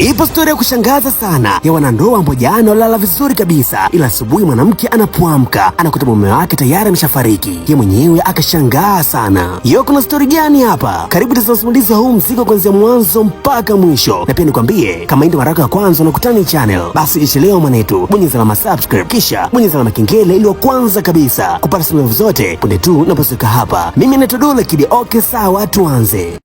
Ipo stori ya kushangaza sana ya wanandoa ambao jana walala vizuri kabisa, ila asubuhi mwanamke anapoamka anakuta mume wake tayari ameshafariki, ye mwenyewe akashangaa sana. Yo, kuna stori gani hapa? Karibu tazama simulizi ya huu mzigo kuanzia mwanzo mpaka mwisho, na pia nikwambie, kama hii mara yako ya kwanza unakutana hii channel, basi ichelewa mwanetu, bonyeza alama subscribe, kisha bonyeza alama kengele ili wa kwanza kabisa kupata simulizi zote punde tu naposika hapa. Mimi naitwa Dula Kidi. Okay, sawa, tuanze.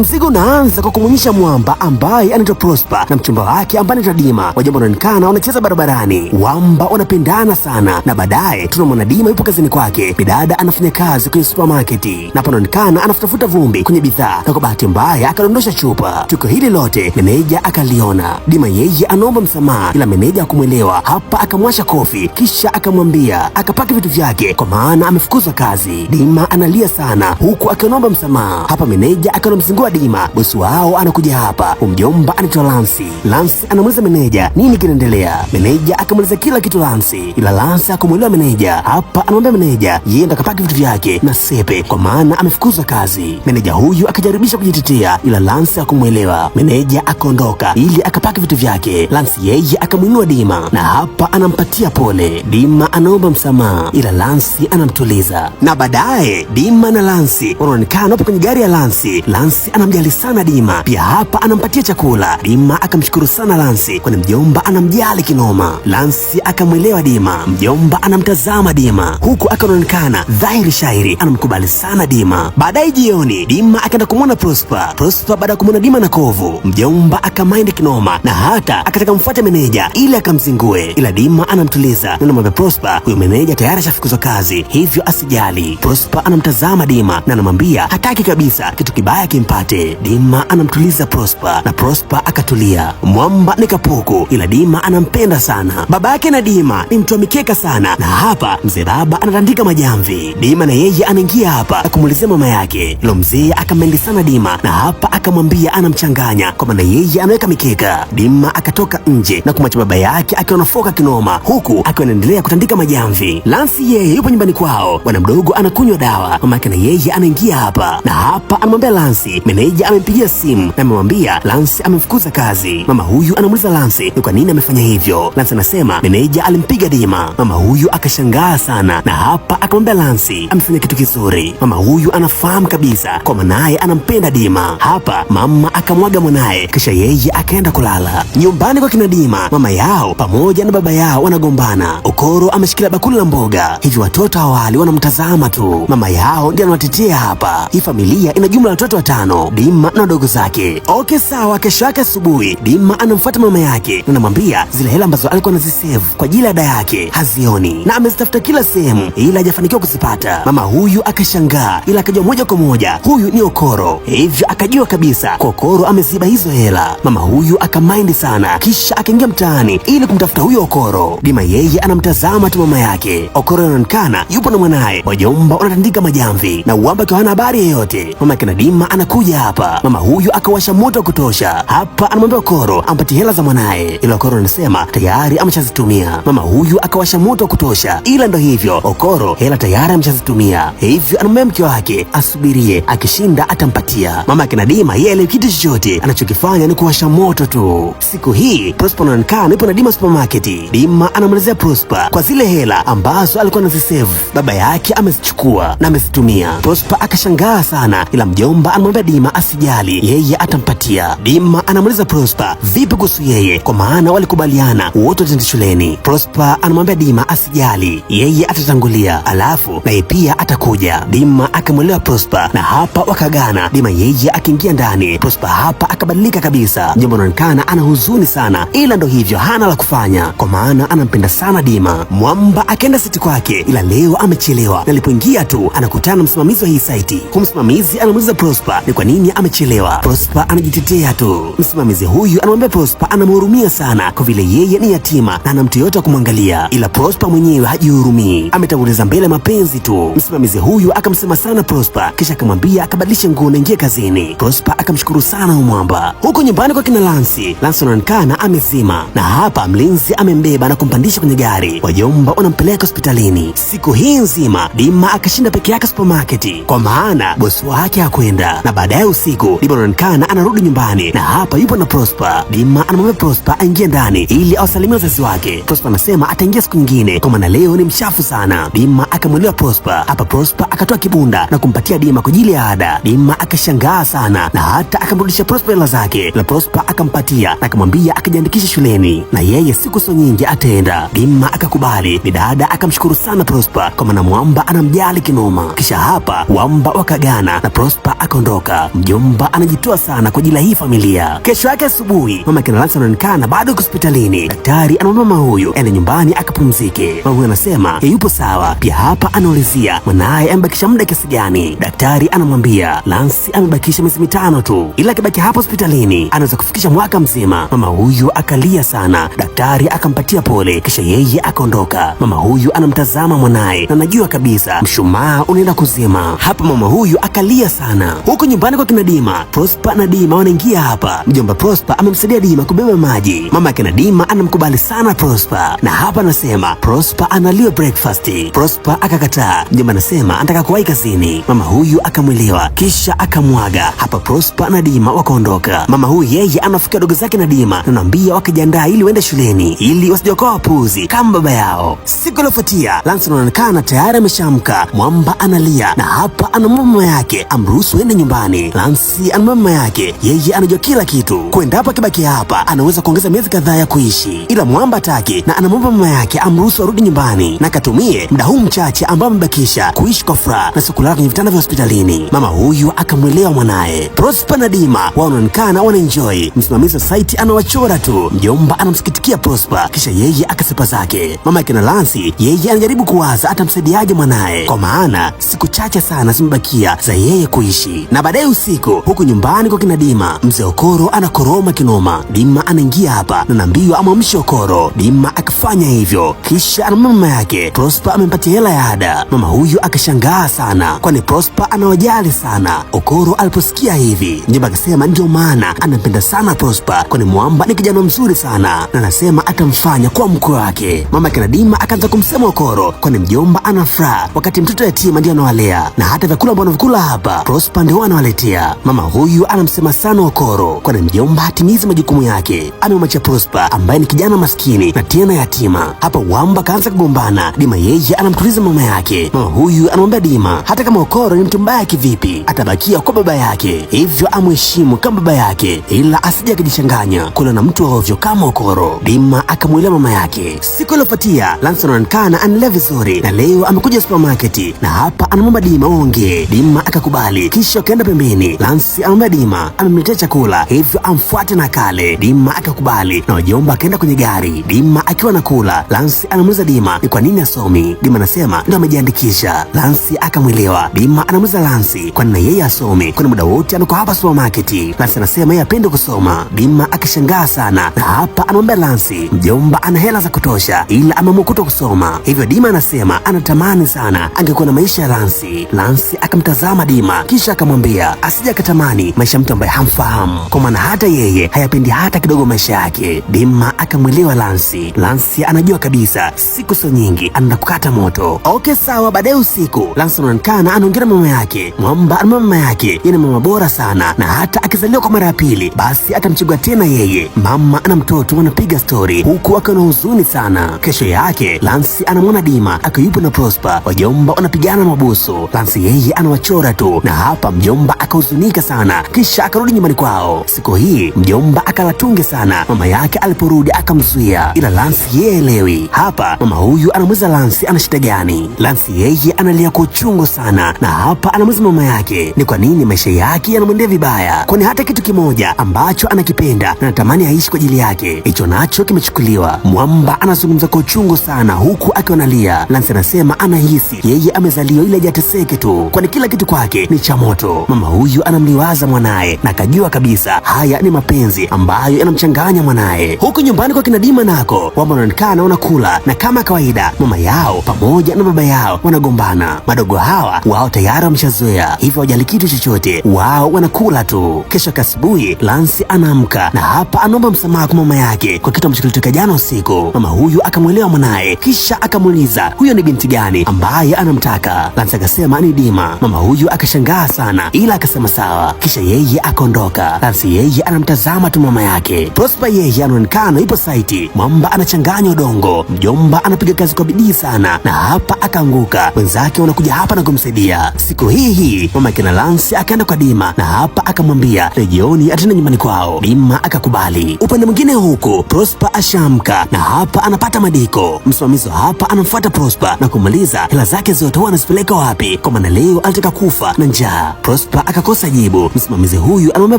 Mzigo unaanza kwa kumwonyesha mwamba ambaye anaitwa Prosper na mchumba wake ambaye anaitwa Dima. Wajambo wanaonekana wanacheza barabarani, wamba wanapendana sana, na baadaye tunamwona Dima yupo kazini kwake, bidada anafanya kazi kwenye supermarket, na anaonekana anafutafuta vumbi kwenye bidhaa, na kwa bahati mbaya akadondosha chupa. Tukio hili lote meneja akaliona. Dima yeye anaomba msamaha, ila meneja hakumwelewa. Hapa akamwasha kofi, kisha akamwambia akapake vitu vyake, kwa maana amefukuzwa kazi. Dima analia sana, huku akiomba msamaha. Hapa meneja akaona mzingo anaitwa Dima, bosi wao anakuja hapa, umjomba anaitwa Lansi. Lansi anamuuliza meneja nini kinaendelea, meneja akamuuliza kila kitu Lansi, ila Lansi akamwelewa meneja. Hapa anamwambia meneja yeye ndo akapaki vitu vyake na sepe, kwa maana amefukuzwa kazi. Meneja huyu akajaribisha kujitetea, ila Lansi akumwelewa. Meneja akaondoka ili akapaki vitu vyake. Lansi yeye akamwinua Dima na hapa anampatia pole. Dima anaomba msamaha, ila Lansi anamtuliza, na baadaye Dima na Lansi wanaonekana wapo kwenye gari ya Lansi. Lansi anamjali sana Dima, pia hapa anampatia chakula. Dima akamshukuru sana Lansi, kwani mjomba anamjali kinoma. Lansi akamwelewa Dima, mjomba anamtazama Dima huku akaonekana dhahiri shairi anamkubali sana Dima. Baadaye jioni Dima akaenda kumwona Prosper. Prosper baada ya kumwona Dima na kovu, mjomba akamaindi kinoma na hata akataka mfuate meneja ili akamzingue, ila Dima anamtuliza na anamwambia Prosper, huyo meneja tayari ashafukuzwa kazi, hivyo asijali. Prosper anamtazama Dima na anamwambia hataki kabisa kitu kibaya kimpate mate. Dima anamtuliza Prosper na Prosper akatulia. Mwamba ni kapuku, ila Dima anampenda sana. Baba yake na Dima ni mtu wa mikeka sana, na hapa mzee baba anatandika majamvi. Dima na yeye anaingia hapa na mama yake. ilo mzee akamendi sana Dima na hapa akamwambia anamchanganya kwa maana yeye anaweka mikeka. Dima akatoka nje na kumwacha baba yake akiwa nafoka kinoma, huku akiwa anaendelea kutandika majamvi. Lansi yeye yupo nyumbani kwao, bwana mdogo anakunywa dawa. Mama yake na yeye anaingia hapa na hapa anamwambia Lansi meneja amempigia simu na amemwambia Lance amemfukuza kazi. Mama huyu anamuuliza Lance ni kwa nini amefanya hivyo. Lance anasema meneja alimpiga dima. Mama huyu akashangaa sana, na hapa akamwambia Lance amefanya kitu kizuri. Mama huyu anafahamu kabisa kwa mwanaye anampenda Dima. Hapa mama akamwaga mwanaye, kisha yeye akaenda kulala. Nyumbani kwa kina Dima, mama yao pamoja na baba yao wanagombana. Okoro ameshikilia bakuli la mboga, hivi, watoto awali wanamtazama tu. Mama yao ndiye anawatetea hapa. Hii familia ina jumla ya watoto watano. Dima na wadogo zake. Okay, sawa. Kesho yake asubuhi Dima anamfuata mama yake na anamwambia zile hela ambazo alikuwa anazisave kwa ajili ya ada yake hazioni na amezitafuta kila sehemu, ila hajafanikiwa kuzipata. Mama huyu akashangaa, ila akajua moja kwa moja huyu ni Okoro, hivyo akajua kabisa kwa Okoro ameziba hizo hela. Mama huyu akamaindi sana, kisha akaingia mtaani ili kumtafuta huyo Okoro. Dima yeye anamtazama tu mama yake. Okoro anaonekana yupo na mwanaye, wajomba wanatandika majamvi na uamba akiwa hana habari yeyote. Mama yake na Dima anakuja hapa. Mama huyu akawasha moto wa kutosha. Hapa anamwambia Okoro ampatie hela za mwanaye, ila koro anasema tayari ameshazitumia. Mama huyu akawasha moto wa kutosha, ila ndo hivyo, Okoro hela tayari ameshazitumia, hivyo anamwambia mke wake asubirie, akishinda atampatia. Mama akina Dima yeye kitu chochote, anachokifanya ni kuwasha moto tu. Siku hii Prosper anaonekana yupo na Dima supermarket. Dima anamwelezea Prosper kwa zile hela ambazo alikuwa anazisave baba yake amezichukua na amezitumia. Prosper akashangaa sana, ila mjomba anamwambia Dima bima asijali, yeye atampatia bima. Anamuuliza Prosper vipi kuhusu yeye, kwa maana walikubaliana wote wataenda shuleni. Prosper anamwambia Dima asijali, yeye atatangulia, alafu naye pia atakuja. Dima akamwelewa Prosper na hapa wakagana, Dima yeye akiingia ndani. Prosper hapa akabadilika kabisa, jambo linaonekana ana huzuni sana, ila ndo hivyo, hana la kufanya, kwa maana anampenda sana Dima. Mwamba akaenda siti kwake, ila leo amechelewa, na alipoingia tu anakutana na msimamizi wa hii saiti. Kumsimamizi anamuuliza Prosper ni kwa nini amechelewa. Prosper anajitetea tu. Msimamizi huyu anamwambia Prosper anamhurumia sana kwa vile yeye ni yatima na ana mtu yoyote kumwangalia, ila Prosper mwenyewe hajihurumii, ametanguliza mbele mapenzi tu. Msimamizi huyu akamsema sana Prosper, kisha akamwambia akabadilisha nguo na ingie kazini. Prosper akamshukuru sana Umwamba. Huko nyumbani kwa kina Lansi, Lansi anaonekana amezima, na hapa mlinzi amembeba na kumpandisha kwenye gari. Wajomba wanampeleka hospitalini. Siku hii nzima Dima akashinda peke yake supermarket, kwa maana bosi wake hakwenda na baada baadaye usiku. Dima anaonekana anarudi nyumbani na hapa yupo na Prosper. Dima anamwambia Prosper aingie ndani ili awasalimia wazazi wake. Prosper anasema ataingia siku nyingine kwa maana leo ni mchafu sana. Dima akamwelewa Prosper. Hapa Prosper akatoa kibunda na kumpatia Dima kwa ajili ya ada. Dima akashangaa sana na hata akamrudisha Prosper hela zake na Prosper akampatia na akamwambia akajiandikisha shuleni na yeye siku so nyingi ataenda. Dima akakubali. Bidada akamshukuru sana Prosper kwa maana mwamba anamjali kinoma. Kisha hapa wamba wakagana na Prosper akaondoka. Mjomba anajitoa sana kwa ajili ya hii familia. Kesho yake asubuhi, mama kina Lamsa anaonekana bado hospitalini. Daktari anamwambia mama huyu ende yaani nyumbani akapumzike. Mama huyu anasema yupo sawa. Pia hapa anaulizia mwanaye amebakisha muda kiasi gani. Daktari anamwambia Lansi amebakisha miezi mitano tu, ila akibaki hapa hospitalini anaweza kufikisha mwaka mzima. Mama huyu akalia sana, daktari akampatia pole, kisha yeye akaondoka. Mama huyu anamtazama mwanaye na anajua kabisa mshumaa unaenda kuzima. Hapa mama huyu akalia sana. Huko nyumbani Twende kwa kina Dima. Prosper na Dima wanaingia hapa. Mjomba Prosper amemsaidia Dima kubeba maji. Mama yake na Dima anamkubali sana Prosper, na hapa anasema Prosper analiwe breakfast. Prosper akakataa. Mjomba anasema anataka kuwahi kazini. Mama huyu akamwelewa, kisha akamwaga hapa. Prosper na Dima wakaondoka. Mama huyu yeye anafikia dogo zake na Dima na anaambia wakajiandaa ili waende shuleni ili wasijokoa wapuzi kama baba yao. Siku iliyofuatia Lanson anaonekana tayari ameshaamka. Mwamba analia na hapa anamwomba mama yake amruhusu aende nyumbani Lansi ana mama yake, yeye anajua kila kitu. Kwenda hapa kibaki hapa, anaweza kuongeza miezi kadhaa ya kuishi, ila mwamba ataki na anamwomba mama yake amruhusu arudi nyumbani na katumie muda huu mchache ambao amebakisha kuishi kwa furaha na sikulala kwenye vitanda vya hospitalini. Mama huyu akamwelewa mwanaye. Prosper na Dima wanaonekana wanaenjoi msimamizi wa saiti anawachora tu. Mjomba anamsikitikia Prosper, kisha yeye akasipa zake. Mama yake na Lansi, yeye anajaribu kuwaza atamsaidiaje mwanaye, kwa maana siku chache sana zimebakia za yeye kuishi na baadaye usiku huku nyumbani kwa kina Dima. Mzee Okoro anakoroma kinoma. Dima anaingia hapa na naambiwa amwamshe Okoro. Dima akifanya hivyo, kisha ana mama yake Prosper amempatia hela ya ada. Mama huyu akashangaa sana, kwani Prosper anawajali sana. Okoro aliposikia hivi, mjomba akasema ndio maana anampenda sana Prosper, kwani mwamba ni kijana mzuri sana na anasema atamfanya kwa mkwe wake. Mama kina Dima akaanza kumsema Okoro, kwani mjomba ana furaha wakati mtoto yatima ndiye anawalea na hata vyakula ambavyo anakula hapa Prosper ndio anawaletea kumpatia. Mama huyu anamsema sana Okoro, kwani mjomba hatimizi majukumu yake. Amemwacha Prosper ambaye ni kijana maskini na tena yatima. Hapa Wamba kaanza kugombana. Dima yeye anamtuliza mama yake. Mama huyu anamwambia Dima hata kama Okoro ni mtu mbaya kivipi, atabakia kwa baba yake, hivyo amheshimu kama baba yake, ila asije akajichanganya kula na mtu ovyo kama Okoro. Dima akamwelewa mama yake. Siku iliyofuatia Lanson anaonekana anaelea vizuri na leo amekuja supermarket, na hapa anamwomba Dima waongee. Dima akakubali, kisha akaenda pembeni mjini. Lansi ambaye Dima amemletea chakula, hivyo amfuate na kale. Dima akakubali na wajomba akaenda kwenye gari. Dima akiwa nakula, Lansi anamuuliza Dima ni kwa nini asomi. Dima anasema ndo amejiandikisha. Lansi akamwelewa. Dima anamuuliza Lansi kwa nini yeye asomi, kwani muda wote anakuwa hapa supermarket. Lansi anasema yeye apende kusoma. Dima akishangaa sana, na hapa anamwambia Lansi mjomba ana hela za kutosha, ila ameamua kuto kusoma. Hivyo Dima anasema anatamani sana angekuwa na maisha ya Lansi. Lansi akamtazama Dima kisha akamwambia kwamba akatamani maisha mtu ambaye hamfahamu, kwa maana hata yeye hayapendi hata kidogo maisha yake. Dima akamwelewa Lansi. Lansi anajua kabisa siku sio nyingi, anakukata moto. Okay, sawa. Baadaye usiku Lansi anaonekana anaongea mama yake Mwamba. Ana mama yake yeye ni mama bora sana, na hata akizaliwa kwa mara ya pili, basi atamchagua tena yeye. Mama na mtoto wanapiga stori huku akiwa na huzuni sana. Kesho yake Lansi anamwona Dima akiwa yupo na Prosper, wajomba wanapigana mabusu. Lansi yeye anawachora tu, na hapa mjomba akahuzunika sana, kisha akarudi nyumbani kwao. Siku hii mjomba akalatunge sana, mama yake aliporudi akamzuia, ila Lansi yeye elewi. Hapa mama huyu anamweza Lansi ana shida gani? Lansi yeye analia kwa uchungu sana, na hapa anamweza mama yake ni kwa nini maisha yake yanamwendea vibaya, kwani hata kitu kimoja ambacho anakipenda na anatamani aishi kwa ajili yake hicho nacho kimechukuliwa. Mwamba anazungumza kwa uchungu sana, huku akiwa analia. Lansi anasema anahisi yeye amezaliwa ili ajateseke tu, kwani kila kitu kwake ni cha moto. Mama huyu anamliwaza mwanaye na akajua kabisa haya ni mapenzi ambayo yanamchanganya mwanaye. Huku nyumbani kwa kina Dima nako wamba wanaonekana wanakula na kama kawaida mama yao pamoja na baba yao wanagombana. Madogo hawa wao tayari wameshazoea, hivyo hawajali kitu chochote, wao wanakula tu. Kesho asubuhi Lansi anaamka na hapa anaomba msamaha kwa mama yake kwa kitu ambacho kilitokea jana usiku. Mama huyu akamwelewa mwanaye, kisha akamuuliza huyo ni binti gani ambaye anamtaka. Lansi akasema ni Dima. Mama huyu akashangaa sana ila akasema sawa, kisha yeye akaondoka. Nancy yeye anamtazama tu mama yake. Prosper yeye anaonekana ipo saiti, mwamba anachanganya udongo, mjomba anapiga kazi kwa bidii sana, na hapa akaanguka. Wenzake wanakuja hapa na kumsaidia. Siku hii hii mama yake na akaenda kwa Dima na hapa akamwambia rejioni ataenda nyumbani kwao. Dima akakubali. Upande mwingine huku Prosper ashamka na hapa anapata madiko. Msimamizi hapa anamfuata Prosper na kumaliza hela zake zote huwa anazipeleka wapi, kwa maana leo anataka kufa na njaa. Prosper akakosa jibu. Msimamizi huyu anamwambia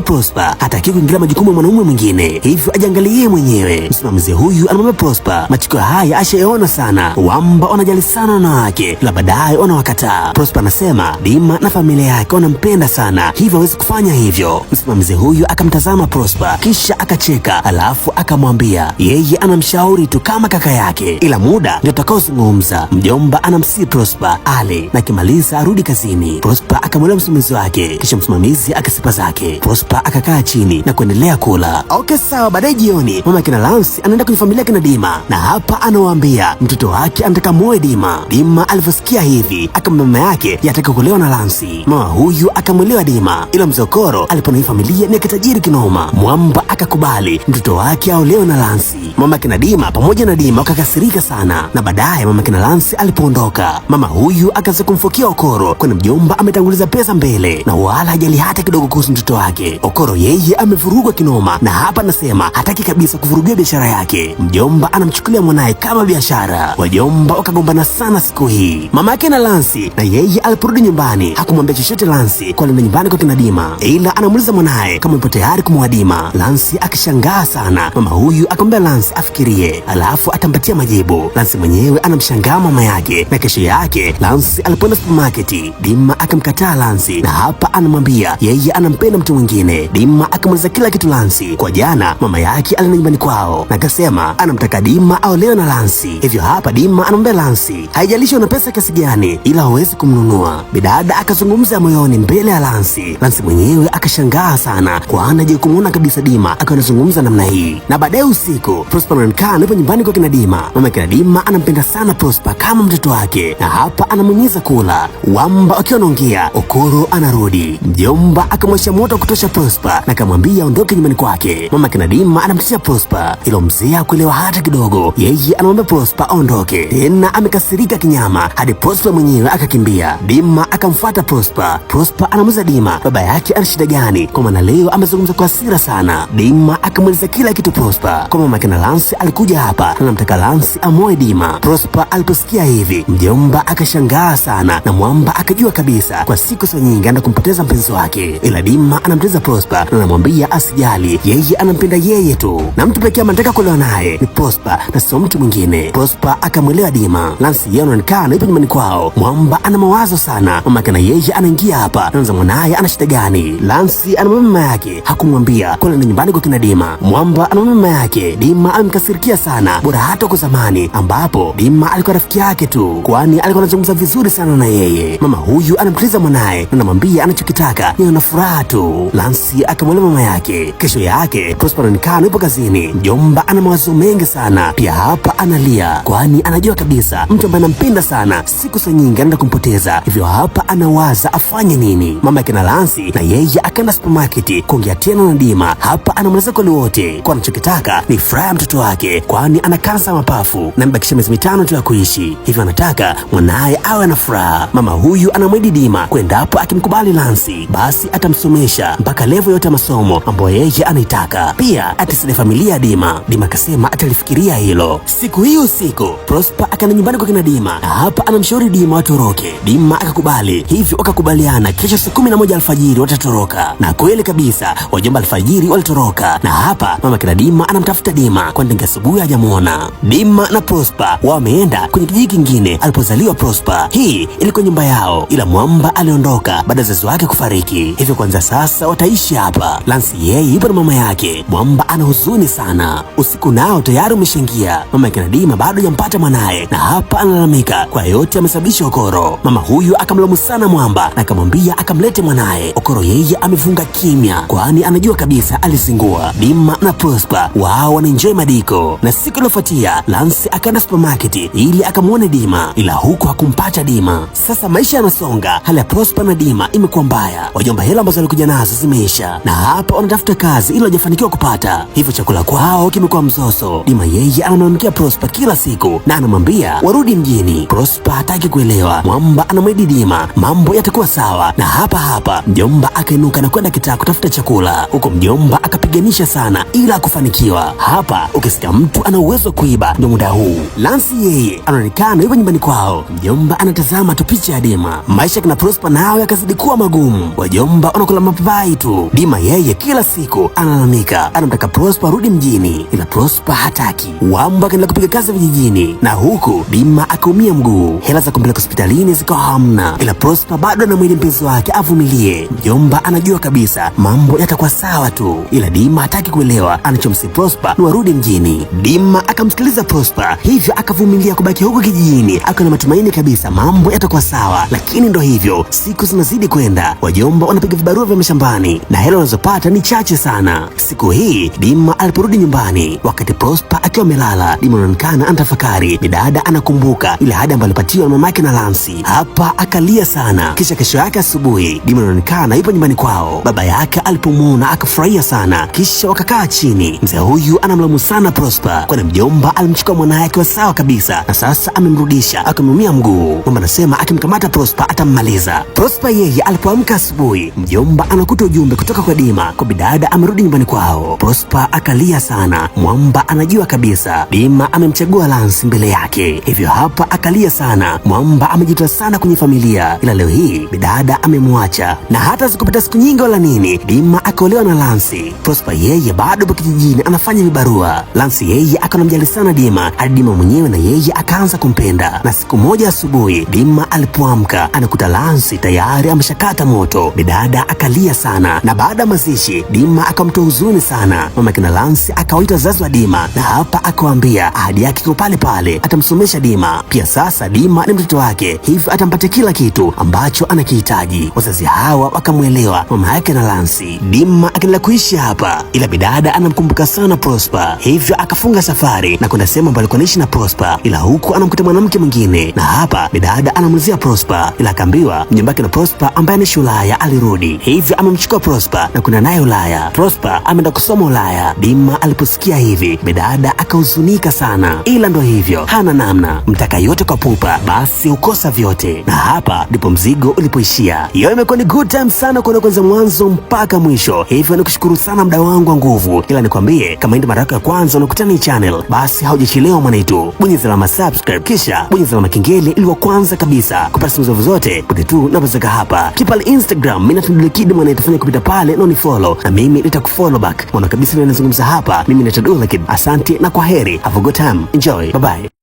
Prosper hataki kuingilia majukumu ya mwanaume mwingine, hivyo ajiangalie yeye mwenyewe. Msimamizi huyu anamwambia Prosper machukio haya ashayaona sana, wamba wanajali sana wanawake la baadaye wanawakataa. Prosper anasema Dima na familia yake wanampenda sana, hivyo hawezi kufanya hivyo. Msimamizi huyu akamtazama Prosper kisha akacheka, alafu akamwambia yeye anamshauri tu kama kaka yake, ila muda ndio utakaozungumza. Mjomba anamsii Prosper ale na kimaliza arudi kazini. Prosper akamwelea msimamizi wake kisha msimamizi akasipa zake. Prosper akakaa chini na kuendelea kula. Okay, sawa. Baadaye jioni, mama kina Lance anaenda kwenye familia kina Dima, na hapa anawaambia mtoto wake anataka muoe Dima. Dima alivyosikia hivi akamwambia mama yake yataka kuolewa na Lance. Mama huyu akamwelewa Dima, ila mzokoro aliponai familia ni kitajiri kinoma. Mwamba akakubali mtoto wake aolewe na Lance. Mama kina Dima pamoja na Dima wakakasirika sana, na baadaye mama kina Lance alipoondoka, mama huyu akaanza kumfokia Okoro kwani mjomba ametanguliza pesa mbele na wala hajali hata kidogo kuhusu mtoto wake. Okoro yeye amevurugwa kinoma, na hapa anasema hataki kabisa kuvurugia biashara yake. Mjomba anamchukulia mwanaye kama biashara. Wajomba wakagombana sana siku hii, mama yake na Lansi, na yeye aliporudi nyumbani hakumwambia chochote Lansi kwa nenda nyumbani kwa kina Dima, ila anamuuliza mwanaye kama yupo tayari kumwoa Dima. Lansi akishangaa sana, mama huyu akamwambia Lansi afikirie, alafu atampatia majibu. Lansi mwenyewe anamshangaa mama yake, na kesho yake Lansi alipoenda supermarket, Dima akamkataa Lansi na hapa anamwambia yeye anampenda mtu mwingine. Dima akamweleza kila kitu Lansi, kwa jana mama yake alina nyumbani kwao na akasema anamtaka Dima aolewe na Lansi. Hivyo hapa Dima anamwambia Lansi, haijalishi una pesa kiasi gani, ila hawezi kumnunua. Bidada akazungumza moyoni mbele ya Lansi. Lansi mwenyewe akashangaa sana, kwaana je kumuona kabisa Dima akiwa anazungumza namna hii. Na baadaye usiku Prosper anakaa yupo nyumbani kwa kina Dima. Mama kina Dima anampenda sana Prosper kama mtoto wake, na hapa anamwingiza kula wamba wakiwa anaongea, Okoro anarudi Mjomba akamwasha moto kutosha Prosper na akamwambia aondoke nyumbani kwake. Mama Kinadima anamtetea Prosper, ilo mzee akuelewa hata kidogo. Yeye anamwambia Prosper aondoke, tena amekasirika kinyama hadi Prosper mwenyewe akakimbia. Dima akamfuata Prosper. Prosper anamuuliza Dima baba yake ana shida gani, kwa maana leo amezungumza kwa hasira sana. Dima akamweleza kila kitu Prosper, kwa mama kina Lance alikuja hapa na namtaka Lance amoe Dima. Prosper aliposikia hivi, mjomba akashangaa sana na mwamba akajua kabisa kwa siku sio nyingi anakumpoteza anamteza mpenzi wake, ila Dima anamteza Prosper na anamwambia asijali, yeye anampenda yeye tu, na mtu pekee anataka kuolewa naye ni Prosper na sio mtu mwingine. Prosper akamwelewa Dima. Lansi yeye anaonekana yupo nyumbani kwao. Mwamba ana mawazo sana, mamake na yeye anaingia hapa, anaanza mwanaye ana shida gani? Lansi anamwambia mama yake hakumwambia kwa nini nyumbani kwa kina Dima. Mwamba anamwambia mama yake Dima amemkasirikia sana, bora hata kwa zamani ambapo Dima alikuwa rafiki yake tu, kwani alikuwa anazungumza vizuri sana na yeye. Mama huyu anamtiliza mwanaye na anamwambia anacho akitaka ni ana furaha tu. Lansi akamwelea mama yake. Kesho yake Prosper anaonekana yupo kazini. Mjomba ana mawazo mengi sana, pia hapa analia, kwani anajua kabisa mtu ambaye anampenda sana siku za nyingi anaenda kumpoteza. Hivyo hapa anawaza afanye nini. Mama yake na Lansi na yeye akaenda supermarket kuongea tena na Dima. Hapa anamweleza kweli wote kwa anachokitaka ni furaha ya mtoto wake, kwani ana kansa mapafu na mbakisha miezi mitano tu ya kuishi, hivyo anataka mwanaye awe na furaha. Mama huyu anamwidi Dima kwendapo akimkubali Lansi sayansi, basi atamsomesha mpaka levo yote ya masomo ambayo yeye anaitaka. Pia atasaidia familia ya Dima. Dima akasema atalifikiria hilo. Siku hiyo usiku, Prosper akaenda nyumbani kwa kina Dima. na Hapa anamshauri Dima watoroke, Dima akakubali, hivyo wakakubaliana. Kesho saa kumi na moja alfajiri watatoroka, na kweli kabisa wajomba alfajiri walitoroka, na hapa mama kina Dima anamtafuta Dima kwani tangu asubuhi hajamwona. Dima na Prosper wameenda kwenye kijiji kingine alipozaliwa Prosper. Hii ilikuwa nyumba yao, ila Mwamba aliondoka baada ya wazazi wake kufariki, hivyo kwanza sasa wataishi hapa. Lance yeye yupo na mama yake. Mwamba ana huzuni sana. Usiku nao tayari umeshaingia. Mama yake Nadima bado hajampata mwanaye, na hapa analalamika kwa yote amesababisha Okoro. Mama huyu akamlaumu sana Mwamba na akamwambia akamlete mwanaye. Okoro yeye amefunga kimya, kwani anajua kabisa alizingua. Dima na Prosper wao wanaenjoy madiko, na siku iliyofuatia Lance akaenda supermarket ili akamwone Dima, ila huko hakumpata Dima. Sasa maisha yanasonga, hali ya Prosper na Dima imekuwa mbaya, wajomba hela ambazo walikuja nazo zimeisha, na hapa wanatafuta kazi ili wajafanikiwa kupata, hivyo chakula kwao kimekuwa mzozo. Dima yeye anamwamkia Prosper kila siku na anamwambia warudi mjini. Prosper hataki kuelewa, mwamba anamwahidi Dima mambo yatakuwa sawa, na hapa hapa mjomba akainuka na kwenda kitaa kutafuta chakula, huko mjomba akapiganisha sana ila akufanikiwa. Hapa ukisikia mtu ana uwezo wa kuiba ndio muda huu. Lansi yeye anaonekana yuko nyumbani kwao, mjomba anatazama tu picha ya Dima. Maisha kina Prosper nayo yakazidi kuwa magumu maalum. Wajomba wanakula mapapai tu. Dima yeye kila siku analalamika, anamtaka Prosper rudi mjini, ila Prosper hataki. Wamba akaendelea kupiga kazi vijijini, na huku Dima akaumia mguu, hela za kumpeleka hospitalini zikawa hamna, ila Prosper bado anamwili mpenzi wake avumilie. Mjomba anajua kabisa mambo yatakuwa sawa tu, ila Dima hataki kuelewa. Anachomsi Prosper ni warudi mjini. Dima akamsikiliza Prosper, hivyo akavumilia kubaki huko kijijini, akawa na matumaini kabisa mambo yatakuwa sawa, lakini ndo hivyo, siku zinazidi kwenda wajomba wanapiga vibarua vya mashambani na hela wanazopata ni chache sana. Siku hii Dima aliporudi nyumbani, wakati Prosper akiwa amelala, Dima anaonekana anatafakari. Midada anakumbuka ile ahadi ambayo alipatiwa na yake na lansi Hapa akalia sana. Kisha kesho yake asubuhi, Dima anaonekana yupo nyumbani kwao. Baba yake alipomwona akafurahia sana, kisha wakakaa chini. Mzee huyu anamlaumu sana Prosper, kwani mjomba alimchukua mwanaye akiwa sawa kabisa na sasa amemrudisha akamumia mguu. Mama anasema akimkamata Prosper atammaliza. Prosper yeye alipoamka Amka asubuhi, mjomba anakuta ujumbe kutoka kwa Dima kwa bidada amerudi nyumbani kwao. Prosper akalia sana, Mwamba anajua kabisa Dima amemchagua Lance mbele yake, hivyo hapa akalia sana. Mwamba amejitoa sana kwenye familia, ila leo hii bidada amemwacha, na hata sikupita siku nyingi wala nini, Dima akaolewa na Lance. Prosper yeye bado kijijini anafanya vibarua. Lance yeye akanamjali sana Dima hadi Dima mwenyewe na yeye akaanza kumpenda, na siku moja asubuhi Dima alipoamka anakuta Lance tayari ameshakata moto. Bidada akalia sana, na baada ya mazishi Dima akamtoa huzuni sana. Mama kina Lansi akawaita wazazi wa Dima na hapa akawaambia ahadi yake iko pale pale, atamsomesha Dima. Pia sasa Dima ni mtoto wake, hivyo atampatia kila kitu ambacho anakihitaji. Wazazi hawa wakamwelewa mama yake na Lansi. Dima akaendelea kuishi hapa, ila bidada anamkumbuka sana Prosper, hivyo akafunga safari na kwenda sehemu ambayo alikuwa anaishi na Prosper, ila huku anamkuta mwanamke mwingine, na hapa bidada anamulizia Prosper, ila akaambiwa wake na Prosper ambaye anaishi kuishi Ulaya alirudi hivi, amemchukua Prosper na kuna naye Ulaya. Prosper ameenda kusoma Ulaya. Dima aliposikia hivi, bedada akahuzunika sana, ila ndo hivyo, hana namna. Mtaka yote kwa pupa, basi hukosa vyote, na hapa ndipo mzigo ulipoishia. Hiyo imekuwa ni good time sana kuona kwanza mwanzo mpaka mwisho, hivyo nikushukuru sana mda wangu wa nguvu, ila nikwambie kama ndio mara yako ya kwanza unakutana hii channel, basi haujachelewa mwanaitu, bonyeza alama subscribe, kisha bonyeza alama kengele ili wa kwanza kabisa kupata simuzo zote pote tu napozeka hapa Kipali Instagram, mimi natundulia Kid mwana itafanya kupita pale na unifollow na mimi nitakufollow back. Mwana kabisa ndio hapa, mimi naitwa Dula Kid. Asante na kwa heri. Have a good time. Enjoy. Bye bye.